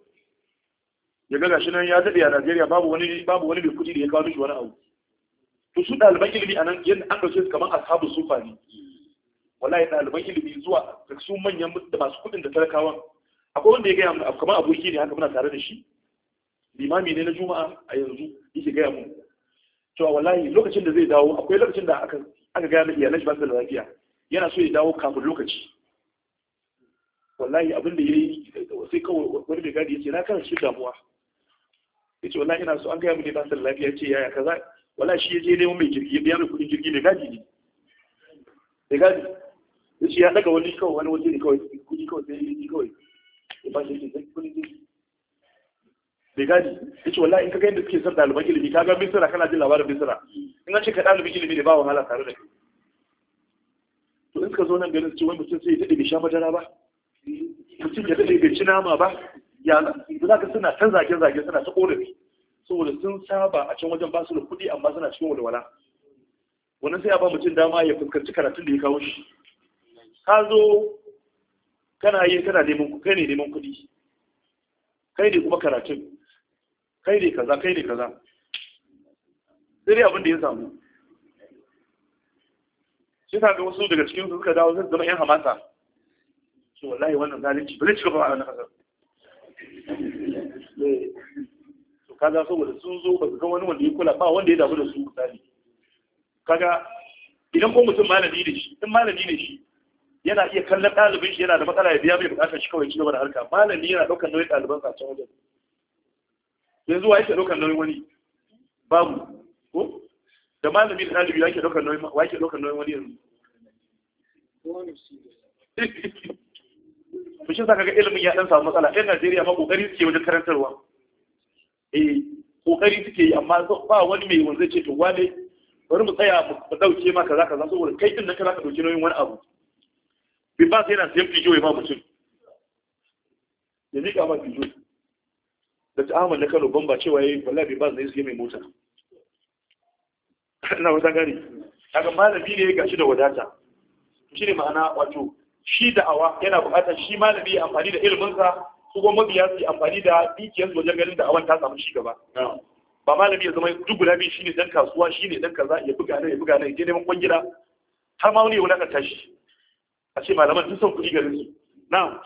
ya ga gashi nan ya daɗe a Najeriya babu wani babu wani mai kuɗi da ya kawo mishi wani abu to su ɗaliban ilimi a nan yadda an ɗauke su kamar ashabu sufa ne wallahi ɗaliban ilimi zuwa ga su manyan da masu kuɗin da talakawan akwai wanda ya gaya mu kamar aboki ne haka muna tare da shi limami ne na juma'a a yanzu yake gaya mu cewa wallahi lokacin da zai dawo akwai lokacin da aka aka gaya mu iyalai ba su da lafiya yana so ya dawo kafin lokaci wallahi abin da ya yi sai kawai wani mai gadi ya ce na kan shi damuwa yace wallahi ina so an gaya mini ba san lafiya ce yaya kaza wala shi je neman mai jirgi ya biya mai kudin jirgi ne gadi ne da gadi yace ya daga wani kawai wani waje ne kawai kudi kawai sai yi kawai ya ba shi sai kudin jirgi mai gadi yace wallahi in ka ga yadda suke son ɗaliban ilimi ka ga misira kana jin labarin misira in an ce ka ɗalibin ilimi ne ba wahala tare da kai to in ka zo nan garin su ce wani mutum sai ya daɗe bai sha madara ba mutum ya daɗe bai ci nama ba za ka suna ta zage-zage suna ta ƙorafi saboda sun saba a can wajen basu da kuɗi amma suna cikin walwala Wani sai ya ba mutum dama ya fuskanci karatun da ya kawo shi ka zo kana yi kana neman kai ne neman kuɗi kai ne kuma karatun kai ne kaza kai ne kaza sai dai abin da ya samu shi ta ga wasu daga cikin su suka dawo zai zama yan hamasa to wallahi wannan zalunci ba zai ci gaba a wannan kasar to kaga saboda sun zo ba su ga wani wanda ya kula ba wanda ya damu da su misali kaga idan ko mutum malami ne shi in malami ne shi yana iya kallon ɗalibin shi yana da matsala ya biya mai bukatar shi kawai shi gaba da harka malami yana ɗaukar nauyin ɗaliban sa can wajen yanzu wa yake ɗaukar nauyin wani babu ko da malami da ɗalibi wa yake ɗaukar nauyin wani yanzu to shi zaka ga ilimin ya dan samu matsala ɗan Najeriya ma kokari suke wajen karantarwa eh kokari suke yi amma ba wani mai wanzu ce to wane bari mu tsaya mu dauke ma kaza kaza saboda kai din da kana ka dauki nauyin wani abu bi ba sai yana sayan fijo ya ba mutum ya mika ma fijo da ta Ahmad na Kano bamba cewa yayi wallahi bi ba zai sai mai mota ina wata gari kaga malami ne gashi da wadata shi ne ma'ana wato shi da'awa yana buƙatar shi malami ya amfani da iliminsa su kuma mabiya su amfani da dukiyarsu wajen ganin awan ta samu shi gaba ba malami ya zama duk guda biyu shine dan kasuwa shine dan kaza ya buga nan ya buga nan ya neman kwangila har ma wani ya wulaka tashi a ce malaman sun san kuɗi garin su na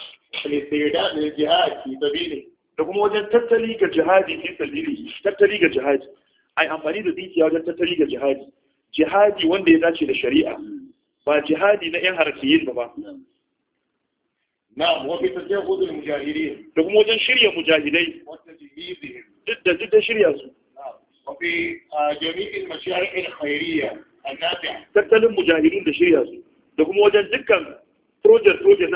ne sai da ne jihad fi sabili da kuma wajen tattali ga jihadi fi sabili tattali ga jihadi ai amfani da dukiya wajen tattali ga jihadi jihadi wanda ya dace da shari'a ba jihadi na yan harfiyin ba da kuma wajen shirya mujahidai duk shirya su tattalin mujahidin da shirya su da kuma wajen dukkan project project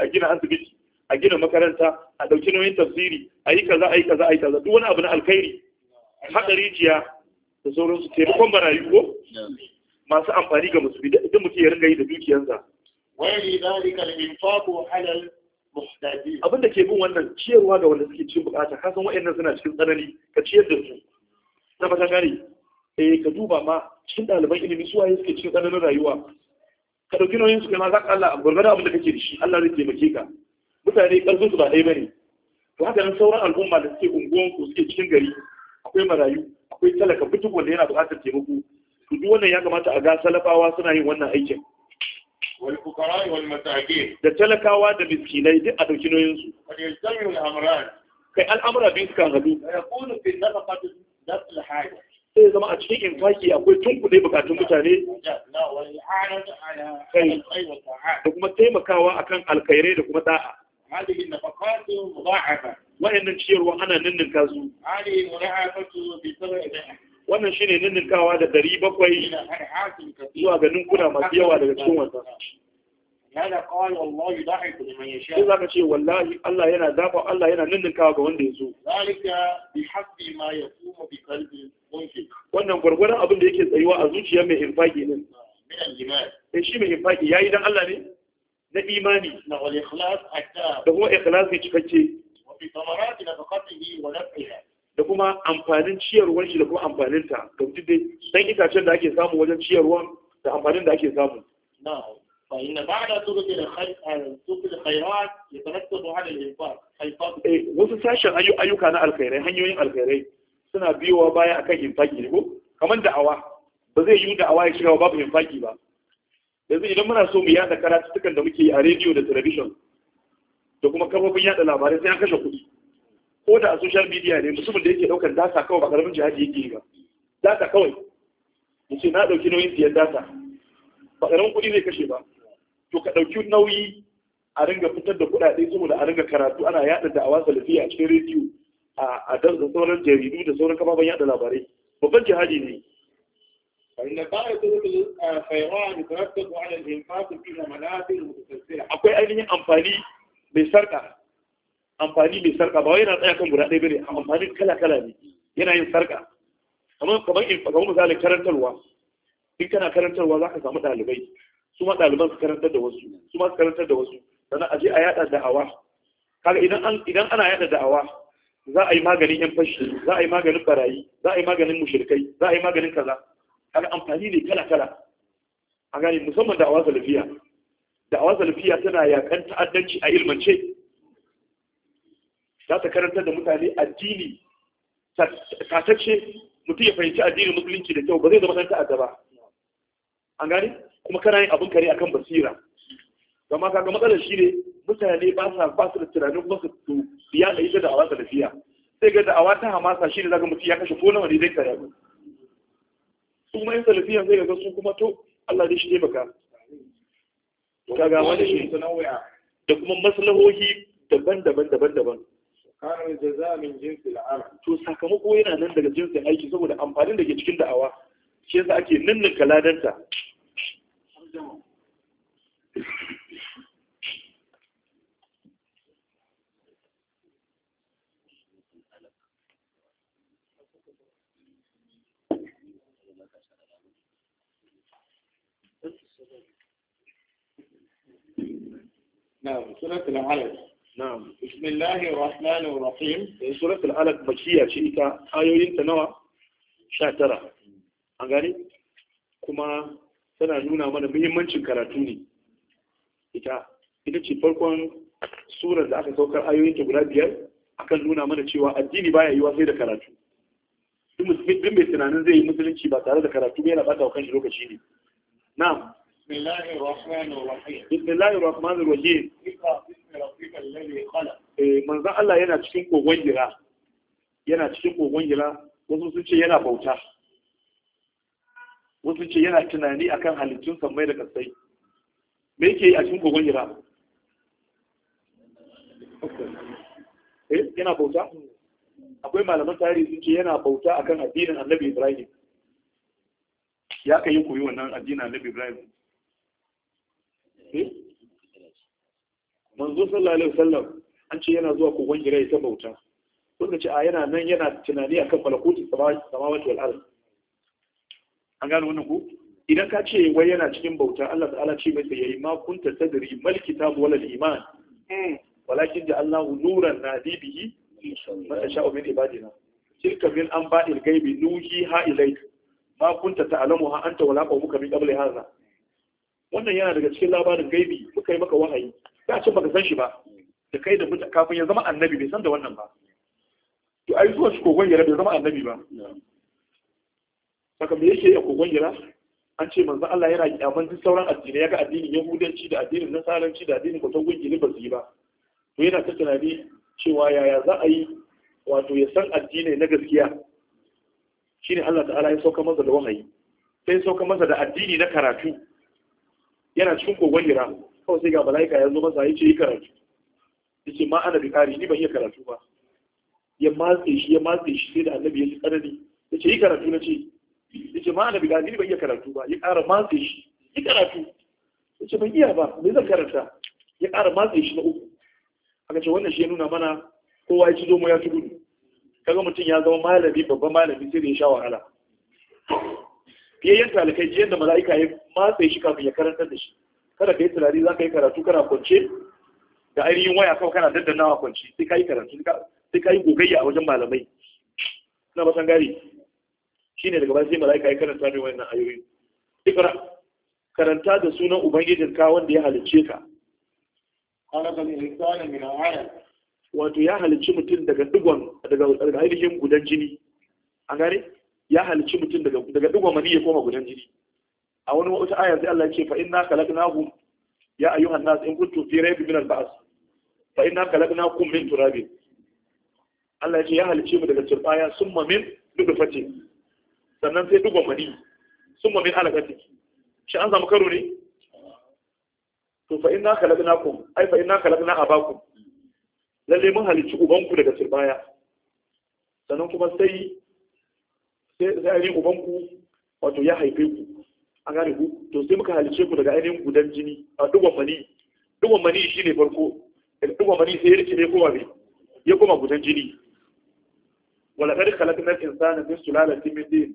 a gina asibiti a gina makaranta a ɗauki nauyin tafsiri a yi kaza a yi kaza a yi kaza duk wani abu na alkhairi haɗa rijiya da sauransu taimakon marayu ko masu amfani ga musulmi da mutum ya ringa yi da dukiyarsa wani zalika al-infaqu ala al Abin da ke bin wannan ciyarwa ga wanda suke cikin bukata ka san nan suna cikin tsanani ka ciyar da su na fata gane eh ka duba ma cikin ɗaliban ilimi su waye suke cikin tsananin rayuwa ka ɗauki nauyin su ma ka Allah gurgurda abin da kake da shi Allah zai taimake ka mutane ƙarfin su ba ɗaya bane to haka nan sauran al'umma da suke unguwan ku suke cikin gari akwai marayu akwai talaka duk wanda yana buƙatar taimako to duk wannan ya kamata a ga salafawa suna yin wannan aikin da talakawa da miskinai duk a dauki nauyin su kai al'amura biyu suka hadu sai zama a cikin infaki akwai tunkuɗe bukatun mutane da kuma taimakawa akan alkhairai da kuma da'a هذه النفقات مضاعفة وإن الشير wannan shi shine ninninkawa da ɗari bakwai zuwa ganin kuna masu yawa daga cikin wannan yana za ka ya ce wallahi Allah yana dafa Allah yana ninninkawa ga wanda ya zo bi bi wannan gurgurdan abin da yake tsayuwa a zuciya mai infaki ne. sai eh, shi mai infaki yi don Allah ne na imani na wal ikhlas da kuma cikakke da kuma amfanin ciyarwar shi da kuma amfanin ta ga mutum dai dan itacen da ake samu wajen ciyarwa da amfanin da ake samu na'am fa inna ba'da turuqi al khairat eh, yatarattabu ala al-infaq eh wasu sashen ayyuka na alkhairai hanyoyin alkhairai suna biyowa baya akan infaki ko kamar da'awa ba zai yi da'awa ya shiga babu infaki ba yanzu idan muna so mu yada dukkan da muke yi a rediyo da talabijin da kuma kafofin yada labarai sai an kashe kuɗi ko da a social media ne mutumin da yake daukar data kawai ba karamin jihadi yake ba data kawai yace na dauki nauyin siyan data ba karamin kuɗi zai kashe ba to ka dauki nauyi a ringa fitar da kuɗaɗe saboda a ringa karatu ana yada da awa salafiya a cikin rediyo a da sauran jaridu da sauran kafafen yada labarai babban jihadi ne akwai ainihin amfani mai sarka amfani mai sarka ba wai yana tsaya kan guda ɗaya bane amfani kala kala ne yana yin sarka kamar kamar in kamar misalin karantarwa in kana karantarwa zaka samu ɗalibai su ma ɗaliban su karantar da wasu su ma su karantar da wasu sannan a je a yaɗa da'awa kaga idan an idan ana yaɗa da'awa za a yi maganin yan fashi za a yi maganin barayi za a yi maganin mushrikai za a yi maganin kaza kaga amfani ne kala kala a gani musamman da'awa salafiya da'awa salafiya tana yakan ta'addanci a ilmance za ta karantar da mutane addini tatacce mutum ya fahimci addinin musulunci da kyau ba zai zama ɗan ta'adda ba an gane kuma kana yin abin kare akan basira gama kaga matsalar shi ne mutane ba sa ba su da tunanin ba su to ya da ita da awa ta lafiya. sai ga da awa ta hamasa shi ne zaka mutum ya kashe ko nawa ne zai kare su kuma yin salafiya zai ga su kuma to Allah ne shi ne baka kaga wani shi da kuma maslahohi daban-daban daban-daban kana jaza min jinsi al'amal to sakamako yana nan daga jinsin aiki saboda amfanin da ke cikin da'awa shi yasa ake ninninka ladanta نعم na'am bismillahir rahmanir rahim sai eh, suratul alaq makkiya ce ita ayoyin ta nawa 19 an gane kuma tana nuna mana muhimmancin karatu ne ita ita ce farkon da aka guda biyar akan nuna mana cewa addini baya yiwa sai da karatu duk musulmin mai tunanin zai yi musulunci ba tare da karatu yana bata wa kanshi lokaci ne na'am bismillahir rahmanir rahim bismillahir rahmanir rahim Eh, manzan Allah yana cikin kogon gira yana cikin kogon gira wasu sun ce yana bauta wasu ce yana tunani akan halittun sammai da kasai me yake yi a cikin kogon gira eh, yana bauta akwai malaman tarihi sun ce yana bauta akan addinin annabi ibrahim ya kai yi koyi wannan addinin annabi ibrahim eh? manzo sallallahu alaihi wasallam an ce yana zuwa kogon hira ya ta bauta sun ce a yana nan yana tunani akan falakuti samawati wal ardh an gano wannan ku idan ka ce wai yana cikin bauta Allah ta'ala ce mai yayi ma kunta sadri mal kitab wal iman hmm. walakin ja Allahu nuran nadi bihi man tasha'u min ibadina tilka min anba'il ghaibi nuhi ha ilayk ma kunta ta'lamuha anta wala qawmuka min qabli hadha wannan yana daga cikin labarin gaibi muka yi maka wahayi ya ce baka san shi ba da kai da mutum kafin ya zama annabi bai san da wannan ba to ai zuwa shi kogon yara bai zama annabi ba saka me yake yi a kogon yara an ce manzo Allah yana kyaman duk sauran addini ya ga addinin yahudanci da addinin nasaranci da addinin kwatan gungi ba su yi ba to yana ta tunani cewa yaya za a yi wato ya san addinai na gaskiya shine Allah ta'ala ya sauka masa da wahayi sai sauka masa da addini na karatu yana cikin kogon yara. kawai sai ga mala'ika ya zo masa ya ce yi karatu ya ce ma ana bikari ni ban iya karatu ba ya matse shi ya matse shi sai da annabi ya ji tsanani ya ce yi karatu na ce ya ce ma ana bikari ni ban iya karatu ba ya ƙara matse shi yi karatu ya ce ban iya ba me zan karanta ya ƙara matse shi na uku aka ce wannan shi ya nuna mana kowa ya ci zomo ya tudu gudu kaga mutum ya zama malami babban malami sai da ya sha wahala fiye yanta alkai da mala'ika ya matse shi kafin ya karantar da shi kada ka yi tunani za ka yi karatu kana kwance da ainihin waya kawai kana daddanawa kwance sai ka yi karatu sai ka yi gogayya a wajen malamai na basan gari shi ne daga bayan sai mala'ika ya karanta mai wannan ayoyi ikra karanta da sunan ubangijin ka wanda ya halicce ka wato ya halicci mutum daga digon daga ainihin gudan jini a gare ya halicci mutum daga digon mani ya koma gudan jini a wani wata aya sai Allah ce fa inna khalaqnahum ya ayyuhan nas in kuntum fi raybin min al-ba's fa inna khalaqnakum min turabin Allah ya ce ya halice mu daga turbaya summa min dudufati sannan sai dugon mani summa min alaqati shi an samu karo ne to fa inna khalaqnakum ai fa inna khalaqna abakum lalle mun halici ubanku daga turbaya sannan kuma sai sai ai ubanku wato ya haife ku a gane ku to sai muka halice ku daga ainihin gudan jini a dugon mani dugon mani shi ne farko daga mani sai ya rike ne koma bai ya koma gudan jini wala kadi khalaqna al-insana min sulalatin min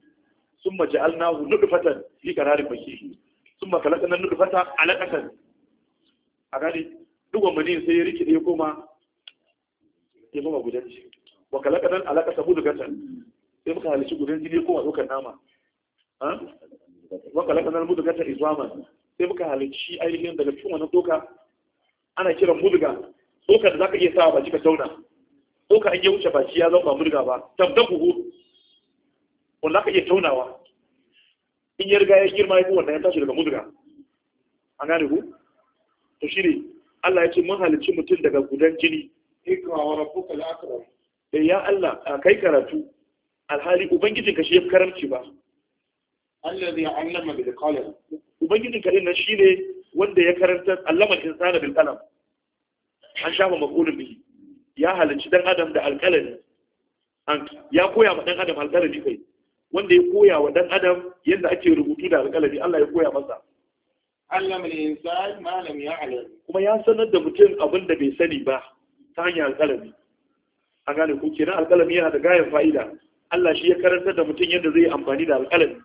sun maji alnahu nutfatan fi Sun ma thumma khalaqna nutfatan alaqatan a gane dugon mani sai ya rike ne koma ya koma gudan jini wa khalaqna hudu gatan sai muka halice gudan jini koma kan nama waka lakanar mudugata izwaman sai muka halicci ainihin daga cikin wannan doka ana kiran muduga doka da zaka iya sa baki ka tauna doka an yi wuce baki ya zama muduga ba tabdaku hu wanda ka iya taunawa in ya riga ya girma ya wannan ya tashi daga muduga an gane ku to shine Allah ya ce mun halicci mutum daga gudan jini ikra wa rabbuka al-akram ya Allah kai karatu alhali ubangijinka shi ya karamci ba allazi allama bil qalam ubangijin kadin na shine wanda ya karanta allama insana bil qalam an shafa maqulun bihi ya halicci dan adam da alqalami an ya koya ma dan adam alqalami kai wanda ya koya wa dan adam yadda ake rubutu da alqalami Allah ya koya masa allama al-insan ma lam ya'lam kuma ya sanar da mutum abin da bai sani ba ta hanyar alqalami A gane ku kenan alqalami yana da gayan fa'ida Allah shi ya karanta da mutum yadda zai amfani da alƙalami.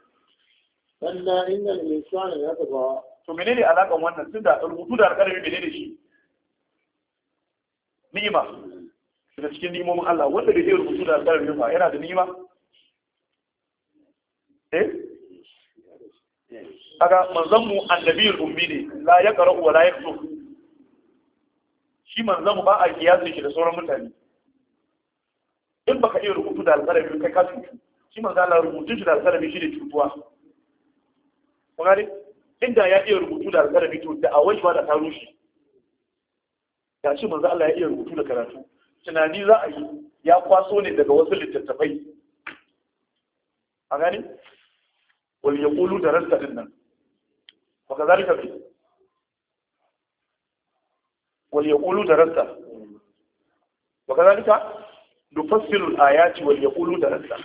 kalla innal insana yatgha to menene alakan wannan tun da rubutu da alƙalami menene shi ni'ima daga cikin ni'imomin Allah wanda bai iya rubutu da alƙalami ba yana da ni'ima eh kaga manzon mu annabiyul ummi ne la yaqra wa la yaktub shi manzon mu ba a kiyasin shi da sauran mutane in baka iya rubutu da alƙalami kai ka cutu shi manzon Allah rubutun shi da alƙalami shi ne cutuwa kun inda ya iya rubutu da alƙalami to da awai ba da ta rushe ga shi manzo Allah ya iya rubutu da karatu tunani za a yi ya kwaso ne daga wasu littattafai a Wani wal yaqulu da rasta din nan wa kazalika Wani wal yaqulu da rasta wa kazalika nufassilu al ayati wal yaqulu da rasta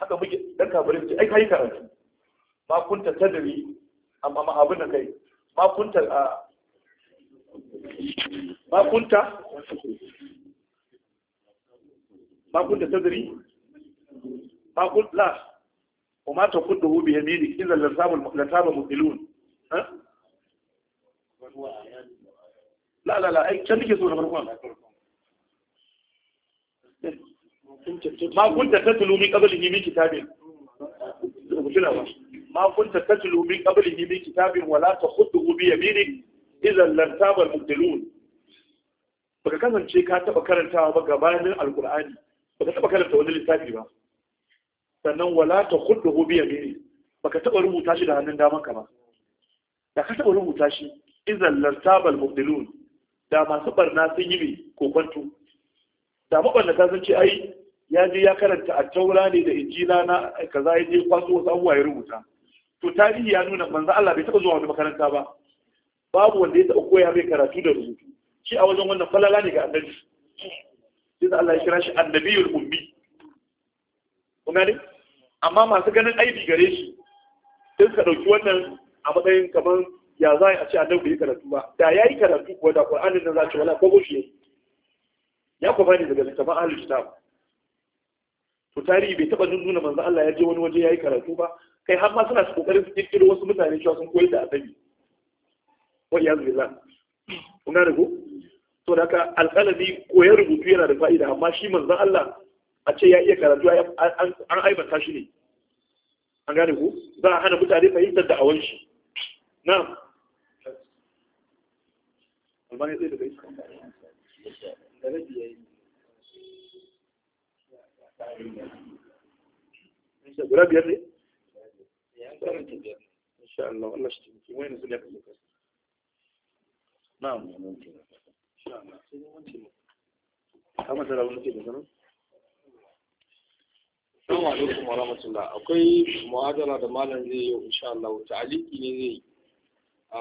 haka muke dan kabarin ai kai karatu ma kunta tadri amma ma kai ma kunta a ma kunta ma kunta tadri ma kunta ma kunta tatlu min qablihi min kitabin wala takhutuhu bi yaminik idan lam tabal mubtilun baka kasance ka taba karantawa ba gabanin alqur'ani baka taba karanta wani littafi ba sannan wala takhutuhu bi yaminik baka taba rubuta shi da hannun daman ka ba da ka taba rubuta shi idan lam tabal mubtilun da masu barna sun yi mai kokwanto da mabannata sun ce ai ya je ya karanta a taura ne da injila na kaza ya je kwaso wasu abubuwa ya rubuta to tarihi ya nuna manzo Allah bai taɓa zuwa wani makaranta ba babu wanda ya taba koya mai karatu da rubutu shi a wajen wannan falala ne ga annabi shi da Allah ya kira shi annabiyul ummi kuma ne amma masu ganin aibi gare shi sai suka ɗauki wannan a matsayin kamar ya za a ce annabi bai yi karatu ba da ya yi karatu kuwa da Qur'ani nan za ce wala ko goshi ya kuma ne daga littafin ahlul kitab to tarihi bai taɓa nuna manzo Allah ya je wani waje ya yi karatu ba kai har ma suna kokarin su kirkiro wasu mutane cewa sun koyar da annabi wa ya billah kuna rubu to da haka Alƙalabi koyon rubutu yana da fa'ida amma shi manzon Allah a ce ya iya karatu an aibata shi ne an gane ku za a hana mutane fahimtar da awon shi na'am albani zai daga iska guda biyar ne akwai mu'adala da malam zai yi insha Allah ta'aliki ne zai a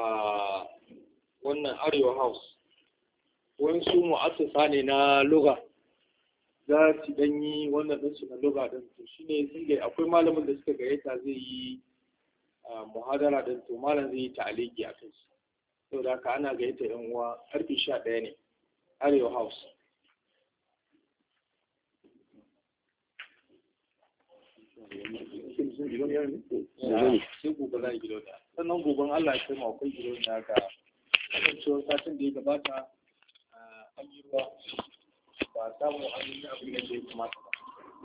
wannan Arewa House wani su ne na lugha za su wannan din na lugha din to akwai malamin da suka gayyata zai yi muhadara din to malam zai yi ta'aliki a kai sau da ka ana gaita yan uwa karfi sha ɗaya ne arewa house sai gobe za a gido da sannan goben allah ya kai ma akwai gido da haka kasancewar satin da ya gabata an yi ruwa ba samu an yi abin da ya kamata